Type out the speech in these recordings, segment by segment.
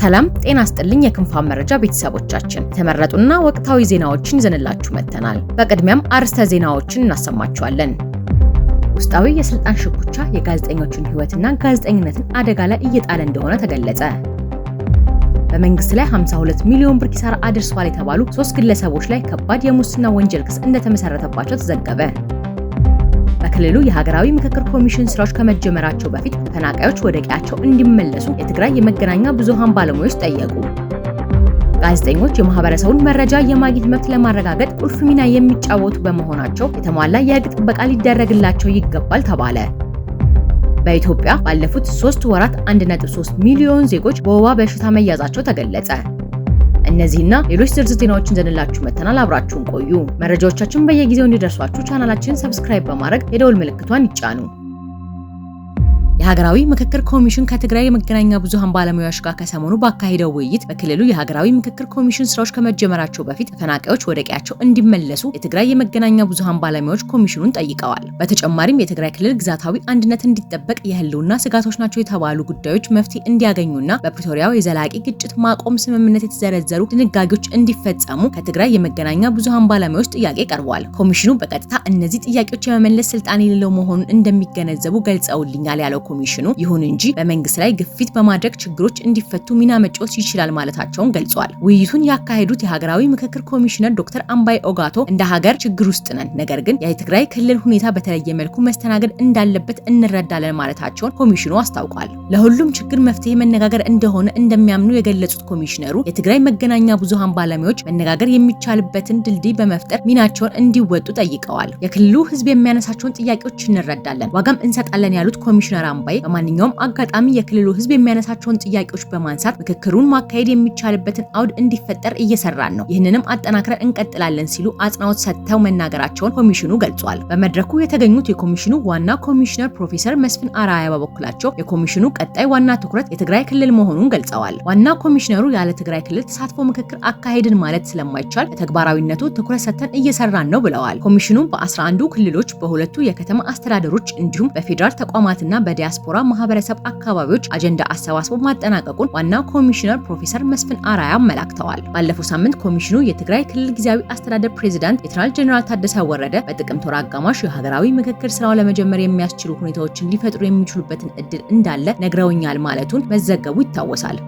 ሰላም ጤና ስጥልኝ። የክንፋን መረጃ ቤተሰቦቻችን የተመረጡና ወቅታዊ ዜናዎችን ይዘንላችሁ መጥተናል። በቅድሚያም አርዕስተ ዜናዎችን እናሰማችኋለን። ውስጣዊ የስልጣን ሽኩቻ የጋዜጠኞችን ሕይወትና ጋዜጠኝነትን አደጋ ላይ እየጣለ እንደሆነ ተገለጸ። በመንግስት ላይ 52 ሚሊዮን ብር ኪሳራ አድርሷል የተባሉ ሶስት ግለሰቦች ላይ ከባድ የሙስና ወንጀል ክስ እንደተመሰረተባቸው ተዘገበ። በክልሉ የሀገራዊ ምክክር ኮሚሽን ስራዎች ከመጀመራቸው በፊት ተፈናቃዮች ወደ ቀያቸው እንዲመለሱ የትግራይ የመገናኛ ብዙሃን ባለሙያዎች ጠየቁ። ጋዜጠኞች የማህበረሰቡን መረጃ የማግኘት መብት ለማረጋገጥ ቁልፍ ሚና የሚጫወቱ በመሆናቸው የተሟላ የህግ ጥበቃ ሊደረግላቸው ይገባል ተባለ። በኢትዮጵያ ባለፉት ሶስት ወራት 1.3 ሚሊዮን ዜጎች በወባ በሽታ መያዛቸው ተገለጸ። እነዚህና ሌሎች ዝርዝር ዜናዎችን ዘንላችሁ መተናል። አብራችሁን ቆዩ። መረጃዎቻችን በየጊዜው እንዲደርሷችሁ ቻናላችንን ሰብስክራይብ በማድረግ የደውል ምልክቷን ይጫኑ። የሀገራዊ ምክክር ኮሚሽን ከትግራይ የመገናኛ ብዙሃን ባለሙያዎች ጋር ከሰሞኑ ባካሄደው ውይይት በክልሉ የሀገራዊ ምክክር ኮሚሽን ስራዎች ከመጀመራቸው በፊት ተፈናቃዮች ወደ ቀያቸው እንዲመለሱ የትግራይ የመገናኛ ብዙሃን ባለሙያዎች ኮሚሽኑን ጠይቀዋል። በተጨማሪም የትግራይ ክልል ግዛታዊ አንድነት እንዲጠበቅ የህልውና ስጋቶች ናቸው የተባሉ ጉዳዮች መፍትሄ እንዲያገኙና በፕሪቶሪያው የዘላቂ ግጭት ማቆም ስምምነት የተዘረዘሩ ድንጋጌዎች እንዲፈጸሙ ከትግራይ የመገናኛ ብዙሃን ባለሙያዎች ጥያቄ ቀርቧል። ኮሚሽኑ በቀጥታ እነዚህ ጥያቄዎች የመመለስ ስልጣን የሌለው መሆኑን እንደሚገነዘቡ ገልጸውልኛል ያለው ኮሚሽኑ። ይሁን እንጂ በመንግስት ላይ ግፊት በማድረግ ችግሮች እንዲፈቱ ሚና መጫወት ይችላል ማለታቸውን ገልጿል። ውይይቱን ያካሄዱት የሀገራዊ ምክክር ኮሚሽነር ዶክተር አምባይ ኦጋቶ እንደ ሀገር ችግር ውስጥ ነን፣ ነገር ግን የትግራይ ክልል ሁኔታ በተለየ መልኩ መስተናገድ እንዳለበት እንረዳለን ማለታቸውን ኮሚሽኑ አስታውቋል። ለሁሉም ችግር መፍትሄ መነጋገር እንደሆነ እንደሚያምኑ የገለጹት ኮሚሽነሩ የትግራይ መገናኛ ብዙሃን ባለሙያዎች መነጋገር የሚቻልበትን ድልድይ በመፍጠር ሚናቸውን እንዲወጡ ጠይቀዋል። የክልሉ ህዝብ የሚያነሳቸውን ጥያቄዎች እንረዳለን፣ ዋጋም እንሰጣለን ያሉት ኮሚሽነር ባይ በማንኛውም አጋጣሚ የክልሉ ህዝብ የሚያነሳቸውን ጥያቄዎች በማንሳት ምክክሩን ማካሄድ የሚቻልበትን አውድ እንዲፈጠር እየሰራን ነው። ይህንንም አጠናክረን እንቀጥላለን ሲሉ አጽንኦት ሰጥተው መናገራቸውን ኮሚሽኑ ገልጿል። በመድረኩ የተገኙት የኮሚሽኑ ዋና ኮሚሽነር ፕሮፌሰር መስፍን አራያ በበኩላቸው የኮሚሽኑ ቀጣይ ዋና ትኩረት የትግራይ ክልል መሆኑን ገልጸዋል። ዋና ኮሚሽነሩ ያለ ትግራይ ክልል ተሳትፎ ምክክር አካሄድን ማለት ስለማይቻል ለተግባራዊነቱ ትኩረት ሰጥተን እየሰራን ነው ብለዋል። ኮሚሽኑ በ11 ክልሎች በሁለቱ የከተማ አስተዳደሮች እንዲሁም በፌዴራል ተቋማትና በዲያ ዲያስፖራ ማህበረሰብ አካባቢዎች አጀንዳ አሰባስቦ ማጠናቀቁን ዋና ኮሚሽነር ፕሮፌሰር መስፍን አራያ አመላክተዋል። ባለፈው ሳምንት ኮሚሽኑ የትግራይ ክልል ጊዜያዊ አስተዳደር ፕሬዚዳንት ሌተናል ጀኔራል ታደሰ ወረደ በጥቅምት ወር አጋማሽ የሀገራዊ ምክክር ስራው ለመጀመር የሚያስችሉ ሁኔታዎችን ሊፈጥሩ የሚችሉበትን እድል እንዳለ ነግረውኛል ማለቱን መዘገቡ ይታወሳል።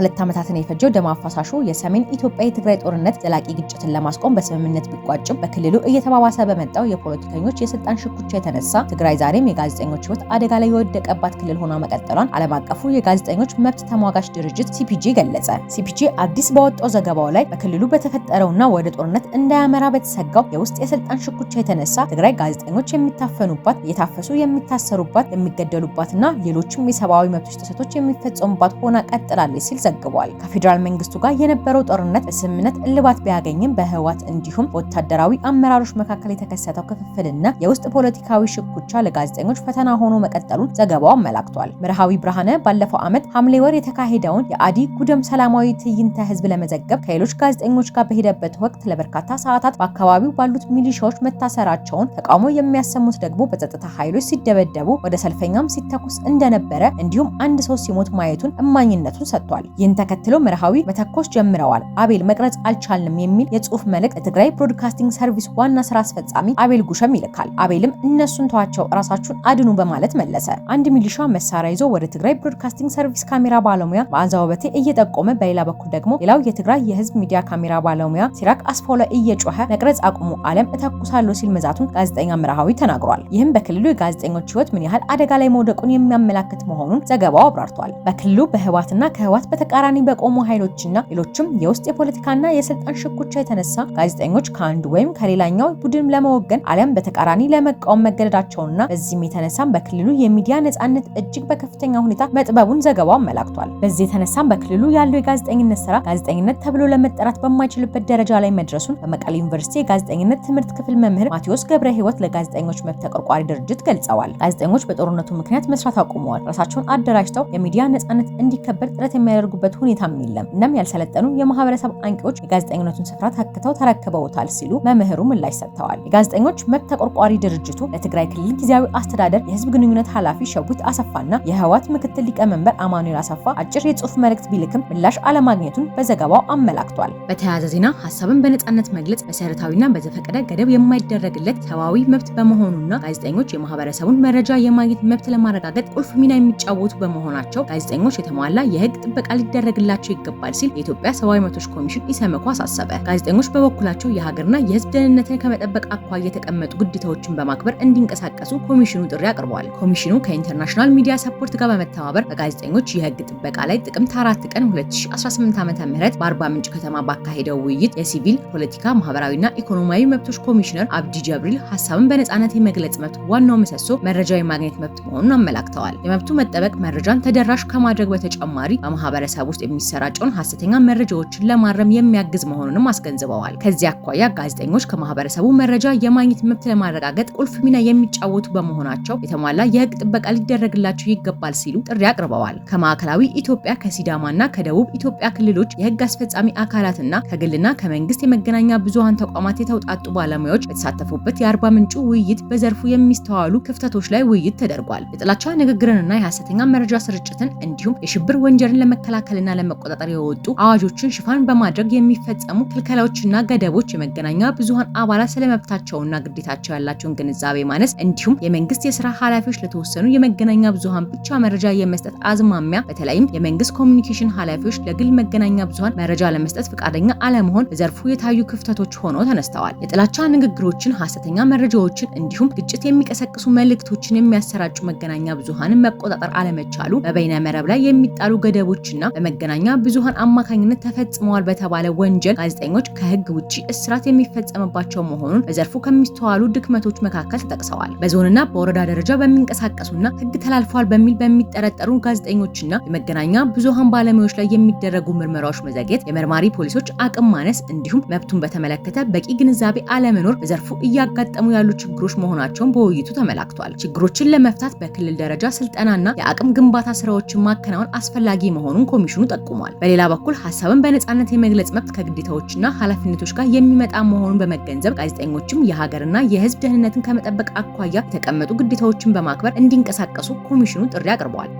ሁለት ዓመታትን የፈጀው ደም አፋሳሹ የሰሜን ኢትዮጵያ የትግራይ ጦርነት ዘላቂ ግጭትን ለማስቆም በስምምነት ቢቋጭም በክልሉ እየተባባሰ በመጣው የፖለቲከኞች የስልጣን ሽኩቻ የተነሳ ትግራይ ዛሬም የጋዜጠኞች ህይወት አደጋ ላይ የወደቀባት ክልል ሆና መቀጠሏን ዓለም አቀፉ የጋዜጠኞች መብት ተሟጋች ድርጅት ሲፒጂ ገለጸ። ሲፒጂ አዲስ በወጣው ዘገባው ላይ በክልሉ በተፈጠረውና ወደ ጦርነት እንዳያመራ በተሰጋው የውስጥ የስልጣን ሽኩቻ የተነሳ ትግራይ ጋዜጠኞች የሚታፈኑባት፣ እየታፈሱ የሚታሰሩባት፣ የሚገደሉባትና ሌሎችም የሰብአዊ መብቶች ጥሰቶች የሚፈጸሙባት ሆና ቀጥላለች ሲል ዘግቧል። ከፌዴራል መንግስቱ ጋር የነበረው ጦርነት በስምምነት እልባት ቢያገኝም በህወሓት እንዲሁም በወታደራዊ አመራሮች መካከል የተከሰተው ክፍፍልና የውስጥ ፖለቲካዊ ሽኩቻ ለጋዜጠኞች ፈተና ሆኖ መቀጠሉን ዘገባው አመላክቷል። መርሃዊ ብርሃነ ባለፈው ዓመት ሐምሌ ወር የተካሄደውን የአዲ ጉደም ሰላማዊ ትዕይንተ ህዝብ ለመዘገብ ከሌሎች ጋዜጠኞች ጋር በሄደበት ወቅት ለበርካታ ሰዓታት በአካባቢው ባሉት ሚሊሻዎች መታሰራቸውን፣ ተቃውሞ የሚያሰሙት ደግሞ በጸጥታ ኃይሎች ሲደበደቡ ወደ ሰልፈኛም ሲተኩስ እንደነበረ እንዲሁም አንድ ሰው ሲሞት ማየቱን እማኝነቱን ሰጥቷል። ይህን ተከትሎ መርሃዊ መተኮስ ጀምረዋል። አቤል መቅረጽ አልቻልንም የሚል የጽሁፍ መልእክት ለትግራይ ብሮድካስቲንግ ሰርቪስ ዋና ስራ አስፈጻሚ አቤል ጉሸም ይልካል። አቤልም እነሱን ተዋቸው፣ ራሳችሁን አድኑ በማለት መለሰ። አንድ ሚሊሻ መሳሪያ ይዞ ወደ ትግራይ ብሮድካስቲንግ ሰርቪስ ካሜራ ባለሙያ በአዛ ውበቴ እየጠቆመ፣ በሌላ በኩል ደግሞ ሌላው የትግራይ የህዝብ ሚዲያ ካሜራ ባለሙያ ሲራክ አስፋው እየጮኸ መቅረጽ አቁሙ፣ አለም እተኩሳለሁ ሲል መዛቱን ጋዜጠኛ መርሃዊ ተናግሯል። ይህም በክልሉ የጋዜጠኞች ህይወት ምን ያህል አደጋ ላይ መውደቁን የሚያመላክት መሆኑን ዘገባው አብራርቷል። በክልሉ በህዋትና ከህዋት በተቃራኒ በቆሙ ኃይሎችና ሌሎችም የውስጥ የፖለቲካና የስልጣን ሽኩቻ የተነሳ ጋዜጠኞች ከአንዱ ወይም ከሌላኛው ቡድን ለመወገን አሊያም በተቃራኒ ለመቃወም መገደዳቸውና በዚህም የተነሳም በክልሉ የሚዲያ ነጻነት እጅግ በከፍተኛ ሁኔታ መጥበቡን ዘገባው አመላክቷል። በዚህ የተነሳም በክልሉ ያለው የጋዜጠኝነት ስራ ጋዜጠኝነት ተብሎ ለመጠራት በማይችልበት ደረጃ ላይ መድረሱን በመቀሌ ዩኒቨርሲቲ የጋዜጠኝነት ትምህርት ክፍል መምህር ማቴዎስ ገብረ ህይወት ለጋዜጠኞች መብት ተቆርቋሪ ድርጅት ገልጸዋል። ጋዜጠኞች በጦርነቱ ምክንያት መስራት አቁመዋል። ራሳቸውን አደራጅተው የሚዲያ ነጻነት እንዲከበር ጥረት የሚያደርጉ የሚያደርጉበት ሁኔታም የለም። እናም ያልሰለጠኑ የማህበረሰብ አንቂዎች የጋዜጠኝነቱን ስፍራ ተክተው ተረክበውታል ሲሉ መምህሩ ምላሽ ሰጥተዋል። የጋዜጠኞች መብት ተቆርቋሪ ድርጅቱ ለትግራይ ክልል ጊዜያዊ አስተዳደር የህዝብ ግንኙነት ኃላፊ ሸዊት አሰፋና የህወሓት ምክትል ሊቀመንበር አማኑኤል አሰፋ አጭር የጽሁፍ መልእክት ቢልክም ምላሽ አለማግኘቱን በዘገባው አመላክቷል። በተያያዘ ዜና ሀሳብን በነጻነት መግለጽ መሰረታዊና በዘፈቀደ ገደብ የማይደረግለት ሰብአዊ መብት በመሆኑና ጋዜጠኞች የማህበረሰቡን መረጃ የማግኘት መብት ለማረጋገጥ ቁልፍ ሚና የሚጫወቱ በመሆናቸው ጋዜጠኞች የተሟላ የህግ ጥበቃ ሊደረግላቸው ይገባል ሲል የኢትዮጵያ ሰብአዊ መብቶች ኮሚሽን ኢሰመኮ አሳሰበ። ጋዜጠኞች በበኩላቸው የሀገርና የህዝብ ደህንነትን ከመጠበቅ አኳያ የተቀመጡ ግዴታዎችን በማክበር እንዲንቀሳቀሱ ኮሚሽኑ ጥሪ አቅርቧል። ኮሚሽኑ ከኢንተርናሽናል ሚዲያ ሰፖርት ጋር በመተባበር በጋዜጠኞች የህግ ጥበቃ ላይ ጥቅምት 4 ቀን 2018 ዓ ም በአርባ ምንጭ ከተማ ባካሄደው ውይይት የሲቪል ፖለቲካ፣ ማህበራዊና ኢኮኖሚያዊ መብቶች ኮሚሽነር አብዲ ጀብሪል ሀሳብን በነጻነት የመግለጽ መብት ዋናው ምሰሶ መረጃ የማግኘት መብት መሆኑን አመላክተዋል። የመብቱ መጠበቅ መረጃን ተደራሽ ከማድረግ በተጨማሪ በማህበረሰብ ማህበረሰብ ውስጥ የሚሰራጨውን ሀሰተኛ መረጃዎችን ለማረም የሚያግዝ መሆኑንም አስገንዝበዋል። ከዚህ አኳያ ጋዜጠኞች ከማህበረሰቡ መረጃ የማግኘት መብት ለማረጋገጥ ቁልፍ ሚና የሚጫወቱ በመሆናቸው የተሟላ የህግ ጥበቃ ሊደረግላቸው ይገባል ሲሉ ጥሪ አቅርበዋል። ከማዕከላዊ ኢትዮጵያ ከሲዳማና ከደቡብ ኢትዮጵያ ክልሎች የህግ አስፈጻሚ አካላትና ከግልና ከመንግስት የመገናኛ ብዙሀን ተቋማት የተውጣጡ ባለሙያዎች በተሳተፉበት የአርባ ምንጩ ውይይት በዘርፉ የሚስተዋሉ ክፍተቶች ላይ ውይይት ተደርጓል። የጥላቻ ንግግርንና የሀሰተኛ መረጃ ስርጭትን እንዲሁም የሽብር ወንጀልን ለመከላከል ለመከላከልና ለመቆጣጠር የወጡ አዋጆችን ሽፋን በማድረግ የሚፈጸሙ ክልከላዎችና ገደቦች የመገናኛ ብዙሀን አባላት ስለመብታቸውና ግዴታቸው ያላቸውን ግንዛቤ ማነስ እንዲሁም የመንግስት የስራ ኃላፊዎች ለተወሰኑ የመገናኛ ብዙሀን ብቻ መረጃ የመስጠት አዝማሚያ በተለይም የመንግስት ኮሚኒኬሽን ኃላፊዎች ለግል መገናኛ ብዙሀን መረጃ ለመስጠት ፈቃደኛ አለመሆን በዘርፉ የታዩ ክፍተቶች ሆኖ ተነስተዋል። የጥላቻ ንግግሮችን፣ ሀሰተኛ መረጃዎችን እንዲሁም ግጭት የሚቀሰቅሱ መልእክቶችን የሚያሰራጩ መገናኛ ብዙሀንን መቆጣጠር አለመቻሉ፣ በበይነ መረብ ላይ የሚጣሉ ገደቦችና በመገናኛ ብዙሃን አማካኝነት ተፈጽመዋል በተባለ ወንጀል ጋዜጠኞች ከህግ ውጭ እስራት የሚፈጸምባቸው መሆኑን በዘርፉ ከሚስተዋሉ ድክመቶች መካከል ተጠቅሰዋል። በዞንና በወረዳ ደረጃ በሚንቀሳቀሱና ህግ ተላልፏል በሚል በሚጠረጠሩ ጋዜጠኞችና የመገናኛ ብዙሃን ባለሙያዎች ላይ የሚደረጉ ምርመራዎች መዘግየት፣ የመርማሪ ፖሊሶች አቅም ማነስ እንዲሁም መብቱን በተመለከተ በቂ ግንዛቤ አለመኖር በዘርፉ እያጋጠሙ ያሉ ችግሮች መሆናቸውን በውይይቱ ተመላክቷል። ችግሮችን ለመፍታት በክልል ደረጃ ስልጠናና የአቅም ግንባታ ስራዎችን ማከናወን አስፈላጊ መሆኑን ኮሚሽኑ ጠቁሟል። በሌላ በኩል ሀሳብን በነጻነት የመግለጽ መብት ከግዴታዎችና ኃላፊነቶች ጋር የሚመጣ መሆኑን በመገንዘብ ጋዜጠኞችም የሀገርና የሕዝብ ደህንነትን ከመጠበቅ አኳያ የተቀመጡ ግዴታዎችን በማክበር እንዲንቀሳቀሱ ኮሚሽኑ ጥሪ አቅርበዋል።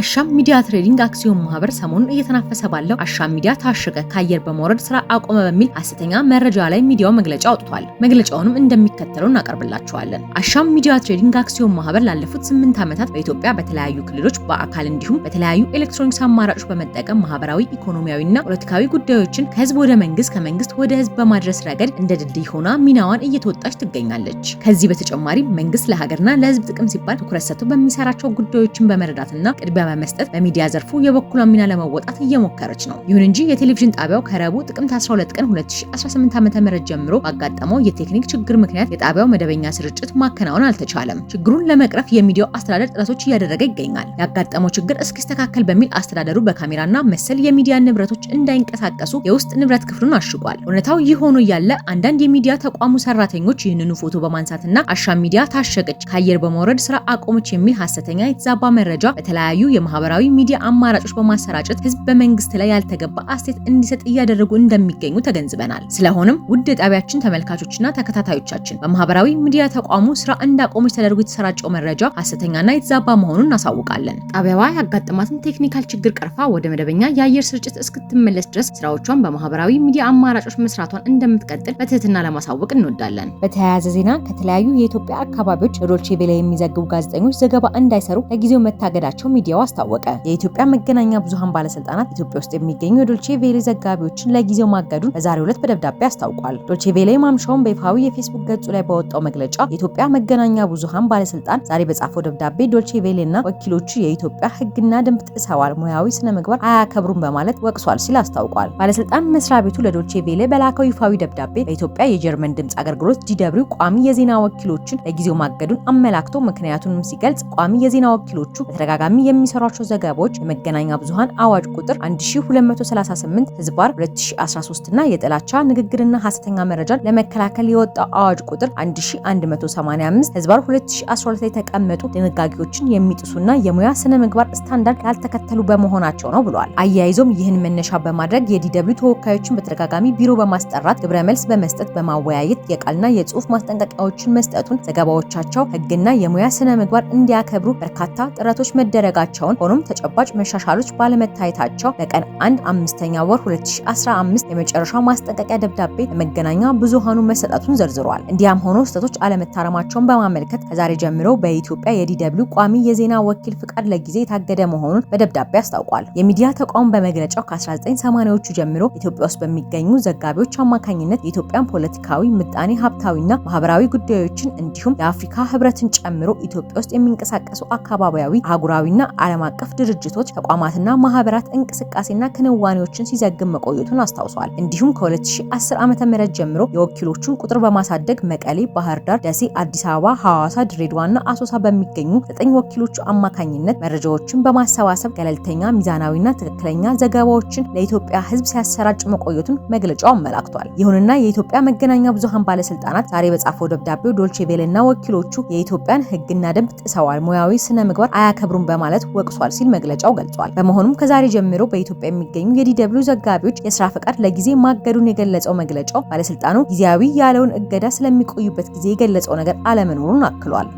አሻም ሚዲያ ትሬዲንግ አክሲዮን ማህበር ሰሞኑን እየተናፈሰ ባለው አሻም ሚዲያ ታሸገ ከአየር በመውረድ ስራ አቆመ በሚል ሐሰተኛ መረጃ ላይ ሚዲያው መግለጫ አውጥቷል። መግለጫውንም እንደሚከተለው እናቀርብላችኋለን። አሻም ሚዲያ ትሬዲንግ አክሲዮን ማህበር ላለፉት ስምንት ዓመታት በኢትዮጵያ በተለያዩ ክልሎች በአካል እንዲሁም በተለያዩ ኤሌክትሮኒክስ አማራጮች በመጠቀም ማህበራዊ፣ ኢኮኖሚያዊና ፖለቲካዊ ጉዳዮችን ከህዝብ ወደ መንግስት፣ ከመንግስት ወደ ህዝብ በማድረስ ረገድ እንደ ድልድይ ሆና ሚናዋን እየተወጣች ትገኛለች። ከዚህ በተጨማሪ መንግስት ለሀገርና ለህዝብ ጥቅም ሲባል ትኩረት ሰጥቶ በሚሰራቸው ጉዳዮችን በመረዳትና ቅድሚያ በመስጠት በሚዲያ ዘርፉ የበኩሏን ሚና ለመወጣት እየሞከረች ነው። ይሁን እንጂ የቴሌቪዥን ጣቢያው ከረቡ ጥቅምት 12 ቀን 2018 ዓ.ም ጀምሮ ባጋጠመው የቴክኒክ ችግር ምክንያት የጣቢያው መደበኛ ስርጭት ማከናወን አልተቻለም። ችግሩን ለመቅረፍ የሚዲያው አስተዳደር ጥረቶች እያደረገ ይገኛል። ያጋጠመው ችግር እስኪስተካከል በሚል አስተዳደሩ በካሜራና መሰል የሚዲያ ንብረቶች እንዳይንቀሳቀሱ የውስጥ ንብረት ክፍሉን አሽጓል። እውነታው ይህ ሆኖ እያለ አንዳንድ የሚዲያ ተቋሙ ሰራተኞች ይህንኑ ፎቶ በማንሳትና አሻም ሚዲያ ታሸገች፣ ከአየር በመውረድ ስራ አቆመች የሚል ሀሰተኛ የተዛባ መረጃ በተለያዩ የማህበራዊ ሚዲያ አማራጮች በማሰራጨት ህዝብ በመንግስት ላይ ያልተገባ አስተያየት እንዲሰጥ እያደረጉ እንደሚገኙ ተገንዝበናል። ስለሆነም ውድ የጣቢያችን ተመልካቾችና ተከታታዮቻችን በማህበራዊ ሚዲያ ተቋሙ ስራ እንዳቆመች ተደርጎ የተሰራጨው መረጃ ሐሰተኛና የተዛባ መሆኑን እናሳውቃለን። ጣቢያዋ ያጋጠማትን ቴክኒካል ችግር ቀርፋ ወደ መደበኛ የአየር ስርጭት እስክትመለስ ድረስ ስራዎቿን በማህበራዊ ሚዲያ አማራጮች መስራቷን እንደምትቀጥል በትህትና ለማሳወቅ እንወዳለን። በተያያዘ ዜና ከተለያዩ የኢትዮጵያ አካባቢዎች ዶይቼ ቬለ የሚዘግቡ ጋዜጠኞች ዘገባ እንዳይሰሩ ለጊዜው መታገዳቸው ሚዲያዋ አስታወቀ። የኢትዮጵያ መገናኛ ብዙሃን ባለስልጣናት ኢትዮጵያ ውስጥ የሚገኙ የዶልቼ ቬሌ ዘጋቢዎችን ለጊዜው ማገዱን በዛሬው ዕለት በደብዳቤ አስታውቋል። ዶልቼ ቬሌ ማምሻውን በይፋዊ የፌስቡክ ገጹ ላይ ባወጣው መግለጫ የኢትዮጵያ መገናኛ ብዙሃን ባለስልጣን ዛሬ በጻፈው ደብዳቤ ዶልቼ ቬሌና ወኪሎቹ የኢትዮጵያ ሕግና ደንብ ጥሰዋል፣ ሙያዊ ስነ ምግባር አያከብሩም በማለት ወቅሷል ሲል አስታውቋል። ባለስልጣን መስሪያ ቤቱ ለዶልቼ ቬሌ በላከው ይፋዊ ደብዳቤ በኢትዮጵያ የጀርመን ድምፅ አገልግሎት ዲደብሊው ቋሚ የዜና ወኪሎችን ለጊዜው ማገዱን አመላክቶ ምክንያቱንም ሲገልጽ ቋሚ የዜና ወኪሎቹ በተደጋጋሚ የሚሰ የሚሰሯቸው ዘገባዎች የመገናኛ ብዙሃን አዋጅ ቁጥር 1238 ህዝባር 2013 እና የጥላቻ ንግግርና ሐሰተኛ መረጃን ለመከላከል የወጣው አዋጅ ቁጥር 1185 ህዝባር 2012 የተቀመጡ ድንጋጌዎችን የሚጥሱና የሙያ ስነ ምግባር ስታንዳርድ ያልተከተሉ በመሆናቸው ነው ብለዋል። አያይዞም ይህን መነሻ በማድረግ የዲደብሊው ተወካዮችን በተደጋጋሚ ቢሮ በማስጠራት ግብረ መልስ በመስጠት በማወያየት የቃልና የጽሁፍ ማስጠንቀቂያዎችን መስጠቱን ዘገባዎቻቸው ህግና የሙያ ስነ ምግባር እንዲያከብሩ በርካታ ጥረቶች መደረጋቸው ናቸውን። ሆኖም ተጨባጭ መሻሻሎች ባለመታየታቸው በቀን አንድ አምስተኛ ወር 2015 የመጨረሻ ማስጠንቀቂያ ደብዳቤ ለመገናኛ ብዙሃኑ መሰጠቱን ዘርዝሯል። እንዲያም ሆኖ ስህተቶች አለመታረማቸውን በማመልከት ከዛሬ ጀምሮ በኢትዮጵያ የዲደብሊው ቋሚ የዜና ወኪል ፍቃድ ለጊዜ የታገደ መሆኑን በደብዳቤ አስታውቋል። የሚዲያ ተቋሙ በመግለጫው ከ1980ዎቹ ጀምሮ ኢትዮጵያ ውስጥ በሚገኙ ዘጋቢዎች አማካኝነት የኢትዮጵያን ፖለቲካዊ፣ ምጣኔ ሀብታዊና ማህበራዊ ጉዳዮችን እንዲሁም የአፍሪካ ህብረትን ጨምሮ ኢትዮጵያ ውስጥ የሚንቀሳቀሱ አካባቢያዊ አህጉራዊና ዓለም አቀፍ ድርጅቶች ተቋማትና ማህበራት እንቅስቃሴና ክንዋኔዎችን ሲዘግብ መቆየቱን አስታውሷል። እንዲሁም ከ2010 ዓ.ም ጀምሮ የወኪሎቹን ቁጥር በማሳደግ መቀሌ፣ ባህር ዳር፣ ደሴ፣ አዲስ አበባ፣ ሐዋሳ፣ ድሬዳዋና አሶሳ በሚገኙ ዘጠኝ ወኪሎቹ አማካኝነት መረጃዎችን በማሰባሰብ ገለልተኛ፣ ሚዛናዊና ትክክለኛ ዘገባዎችን ለኢትዮጵያ ሕዝብ ሲያሰራጭ መቆየቱን መግለጫው አመላክቷል። ይሁንና የኢትዮጵያ መገናኛ ብዙሃን ባለስልጣናት ዛሬ በጻፈው ደብዳቤው ዶልቼ ቬለና ወኪሎቹ የኢትዮጵያን ሕግና ደንብ ጥሰዋል፣ ሙያዊ ስነ ምግባር አያከብሩም በማለት ወቅሷል ሲል መግለጫው ገልጿል። በመሆኑም ከዛሬ ጀምሮ በኢትዮጵያ የሚገኙ የዲደብሊው ዘጋቢዎች የስራ ፈቃድ ለጊዜ ማገዱን የገለጸው መግለጫው ባለስልጣኑ ጊዜያዊ ያለውን እገዳ ስለሚቆዩበት ጊዜ የገለጸው ነገር አለመኖሩን አክሏል።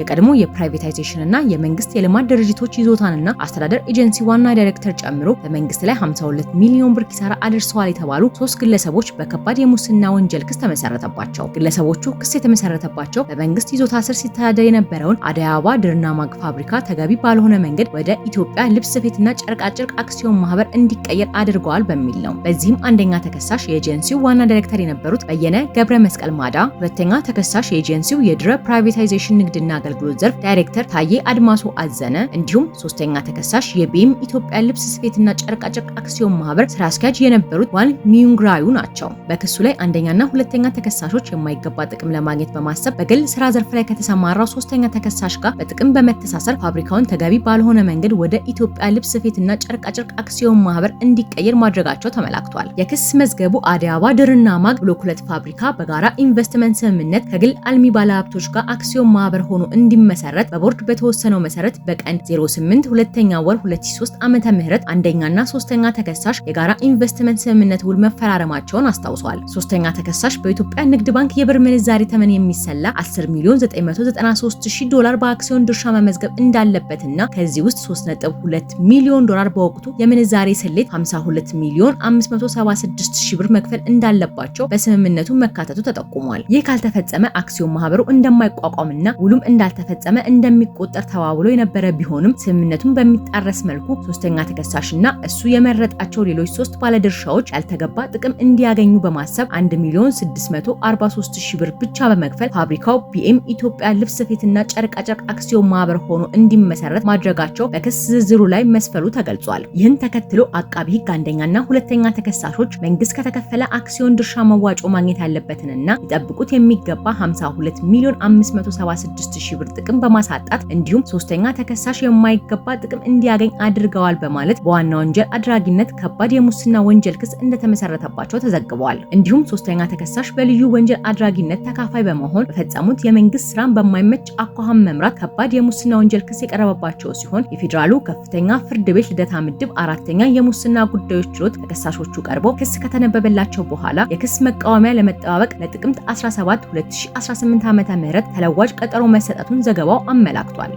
የቀድሞ የፕራይቬታይዜሽን እና የመንግስት የልማት ድርጅቶች ይዞታንና አስተዳደር ኤጀንሲ ዋና ዳይሬክተር ጨምሮ በመንግስት ላይ 52 ሚሊዮን ብር ኪሳራ አድርሰዋል የተባሉ ሶስት ግለሰቦች በከባድ የሙስና ወንጀል ክስ ተመሰረተባቸው። ግለሰቦቹ ክስ የተመሰረተባቸው በመንግስት ይዞታ ስር ሲተዳደር የነበረውን አደይ አበባ ድርና ማግ ፋብሪካ ተገቢ ባልሆነ መንገድ ወደ ኢትዮጵያ ልብስ ስፌትና ጨርቃጨርቅ አክሲዮን ማህበር እንዲቀየር አድርገዋል በሚል ነው። በዚህም አንደኛ ተከሳሽ የኤጀንሲው ዋና ዳይሬክተር የነበሩት በየነ ገብረ መስቀል ማዳ፣ ሁለተኛ ተከሳሽ የኤጀንሲው የድረ ፕራይቬታይዜሽን ንግድና አገልግሎት ዘርፍ ዳይሬክተር ታዬ አድማሶ አዘነ እንዲሁም ሶስተኛ ተከሳሽ የቤም ኢትዮጵያ ልብስ ስፌትና ጨርቃጨርቅ አክሲዮን ማህበር ስራ አስኪያጅ የነበሩት ዋን ሚዩንግራዩ ናቸው። በክሱ ላይ አንደኛና ሁለተኛ ተከሳሾች የማይገባ ጥቅም ለማግኘት በማሰብ በግል ስራ ዘርፍ ላይ ከተሰማራው ሶስተኛ ተከሳሽ ጋር በጥቅም በመተሳሰር ፋብሪካውን ተገቢ ባልሆነ መንገድ ወደ ኢትዮጵያ ልብስ ስፌትና ጨርቃጨርቅ አክሲዮን ማህበር እንዲቀየር ማድረጋቸው ተመላክቷል። የክስ መዝገቡ አዲስ አበባ ድርና ማግ ብሎክ ሁለት ፋብሪካ በጋራ ኢንቨስትመንት ስምምነት ከግል አልሚ ባለሀብቶች ጋር አክሲዮን ማህበር ሆኖ እንዲመሰረት በቦርድ በተወሰነው መሰረት በቀን 08 ሁለተኛ ወር 2003 ዓመተ ምህረት አንደኛና ሶስተኛ ተከሳሽ የጋራ ኢንቨስትመንት ስምምነት ውል መፈራረማቸውን አስታውሷል። ሶስተኛ ተከሳሽ በኢትዮጵያ ንግድ ባንክ የብር ምንዛሪ ተመን የሚሰላ 10 ሚሊዮን 993000 ዶላር በአክሲዮን ድርሻ መመዝገብ እንዳለበትና ከዚህ ውስጥ 3.2 ሚሊዮን ዶላር በወቅቱ የምንዛሬ ስሌት 52 ሚሊዮን 576000 ብር መክፈል እንዳለባቸው በስምምነቱ መካተቱ ተጠቁሟል። ይህ ካልተፈጸመ አክሲዮን ማህበሩ እንደማይቋቋምና ውሉም እንዳ እንዳልተፈጸመ እንደሚቆጠር ተዋውሎ የነበረ ቢሆንም ስምምነቱን በሚጣረስ መልኩ ሶስተኛ ተከሳሽና እሱ የመረጣቸው ሌሎች ሶስት ባለድርሻዎች ያልተገባ ጥቅም እንዲያገኙ በማሰብ 1 ሚሊዮን 643 ሺህ ብር ብቻ በመክፈል ፋብሪካው ቢኤም ኢትዮጵያ ልብስ ስፌትና ጨርቃጨርቅ አክሲዮን ማህበር ሆኖ እንዲመሰረት ማድረጋቸው በክስ ዝርዝሩ ላይ መስፈሉ ተገልጿል። ይህን ተከትሎ አቃቢ ህግ አንደኛና ሁለተኛ ተከሳሾች መንግስት ከተከፈለ አክሲዮን ድርሻ መዋጮ ማግኘት ያለበትንና ሊጠብቁት የሚገባ 52 ሚሊዮን 576 ሺህ ብር ጥቅም በማሳጣት እንዲሁም ሶስተኛ ተከሳሽ የማይገባ ጥቅም እንዲያገኝ አድርገዋል በማለት በዋና ወንጀል አድራጊነት ከባድ የሙስና ወንጀል ክስ እንደተመሰረተባቸው ተዘግበዋል። እንዲሁም ሶስተኛ ተከሳሽ በልዩ ወንጀል አድራጊነት ተካፋይ በመሆን በፈጸሙት የመንግስት ስራን በማይመች አኳኋን መምራት ከባድ የሙስና ወንጀል ክስ የቀረበባቸው ሲሆን የፌዴራሉ ከፍተኛ ፍርድ ቤት ልደታ ምድብ አራተኛ የሙስና ጉዳዮች ችሎት ተከሳሾቹ ቀርቦ ክስ ከተነበበላቸው በኋላ የክስ መቃወሚያ ለመጠባበቅ ለጥቅምት 17 2018 ም ተለዋጭ ቀጠሮ መሰጠ መምጣቱን ዘገባው አመላክቷል።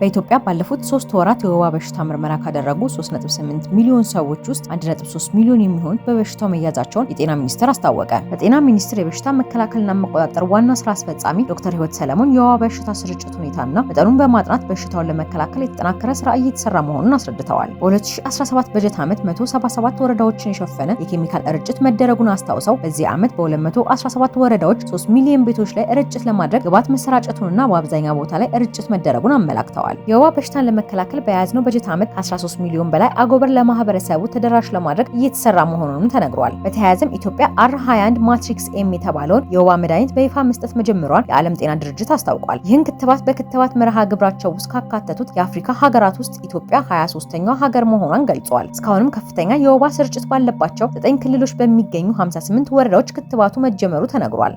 በኢትዮጵያ ባለፉት ሶስት ወራት የወባ በሽታ ምርመራ ካደረጉ 3.8 ሚሊዮን ሰዎች ውስጥ 1.3 ሚሊዮን የሚሆኑት በበሽታው መያዛቸውን የጤና ሚኒስቴር አስታወቀ። በጤና ሚኒስቴር የበሽታ መከላከልና መቆጣጠር ዋና ስራ አስፈጻሚ ዶክተር ህይወት ሰለሞን የወባ በሽታ ስርጭት ሁኔታና መጠኑን በማጥናት በሽታውን ለመከላከል የተጠናከረ ስራ እየተሰራ መሆኑን አስረድተዋል። በ2017 በጀት ዓመት 177 ወረዳዎችን የሸፈነ የኬሚካል ርጭት መደረጉን አስታውሰው በዚህ ዓመት በ217 ወረዳዎች 3 ሚሊዮን ቤቶች ላይ ርጭት ለማድረግ ግብዓት መሰራጨቱንና በአብዛኛው ቦታ ላይ ርጭት መደረጉን አመላክተዋል። ገልጸዋል። የወባ በሽታን ለመከላከል በያዝነው በጀት ዓመት 13 ሚሊዮን በላይ አጎበር ለማህበረሰቡ ተደራሽ ለማድረግ እየተሰራ መሆኑንም ተነግሯል። በተያያዘም ኢትዮጵያ አር 21 ማትሪክስ ኤም የተባለውን የወባ መድኃኒት በይፋ መስጠት መጀመሯን የዓለም ጤና ድርጅት አስታውቋል። ይህን ክትባት በክትባት መርሃ ግብራቸው ውስጥ ካካተቱት የአፍሪካ ሀገራት ውስጥ ኢትዮጵያ 23ኛው ሀገር መሆኗን ገልጿል። እስካሁንም ከፍተኛ የወባ ስርጭት ባለባቸው ዘጠኝ ክልሎች በሚገኙ 58 ወረዳዎች ክትባቱ መጀመሩ ተነግሯል።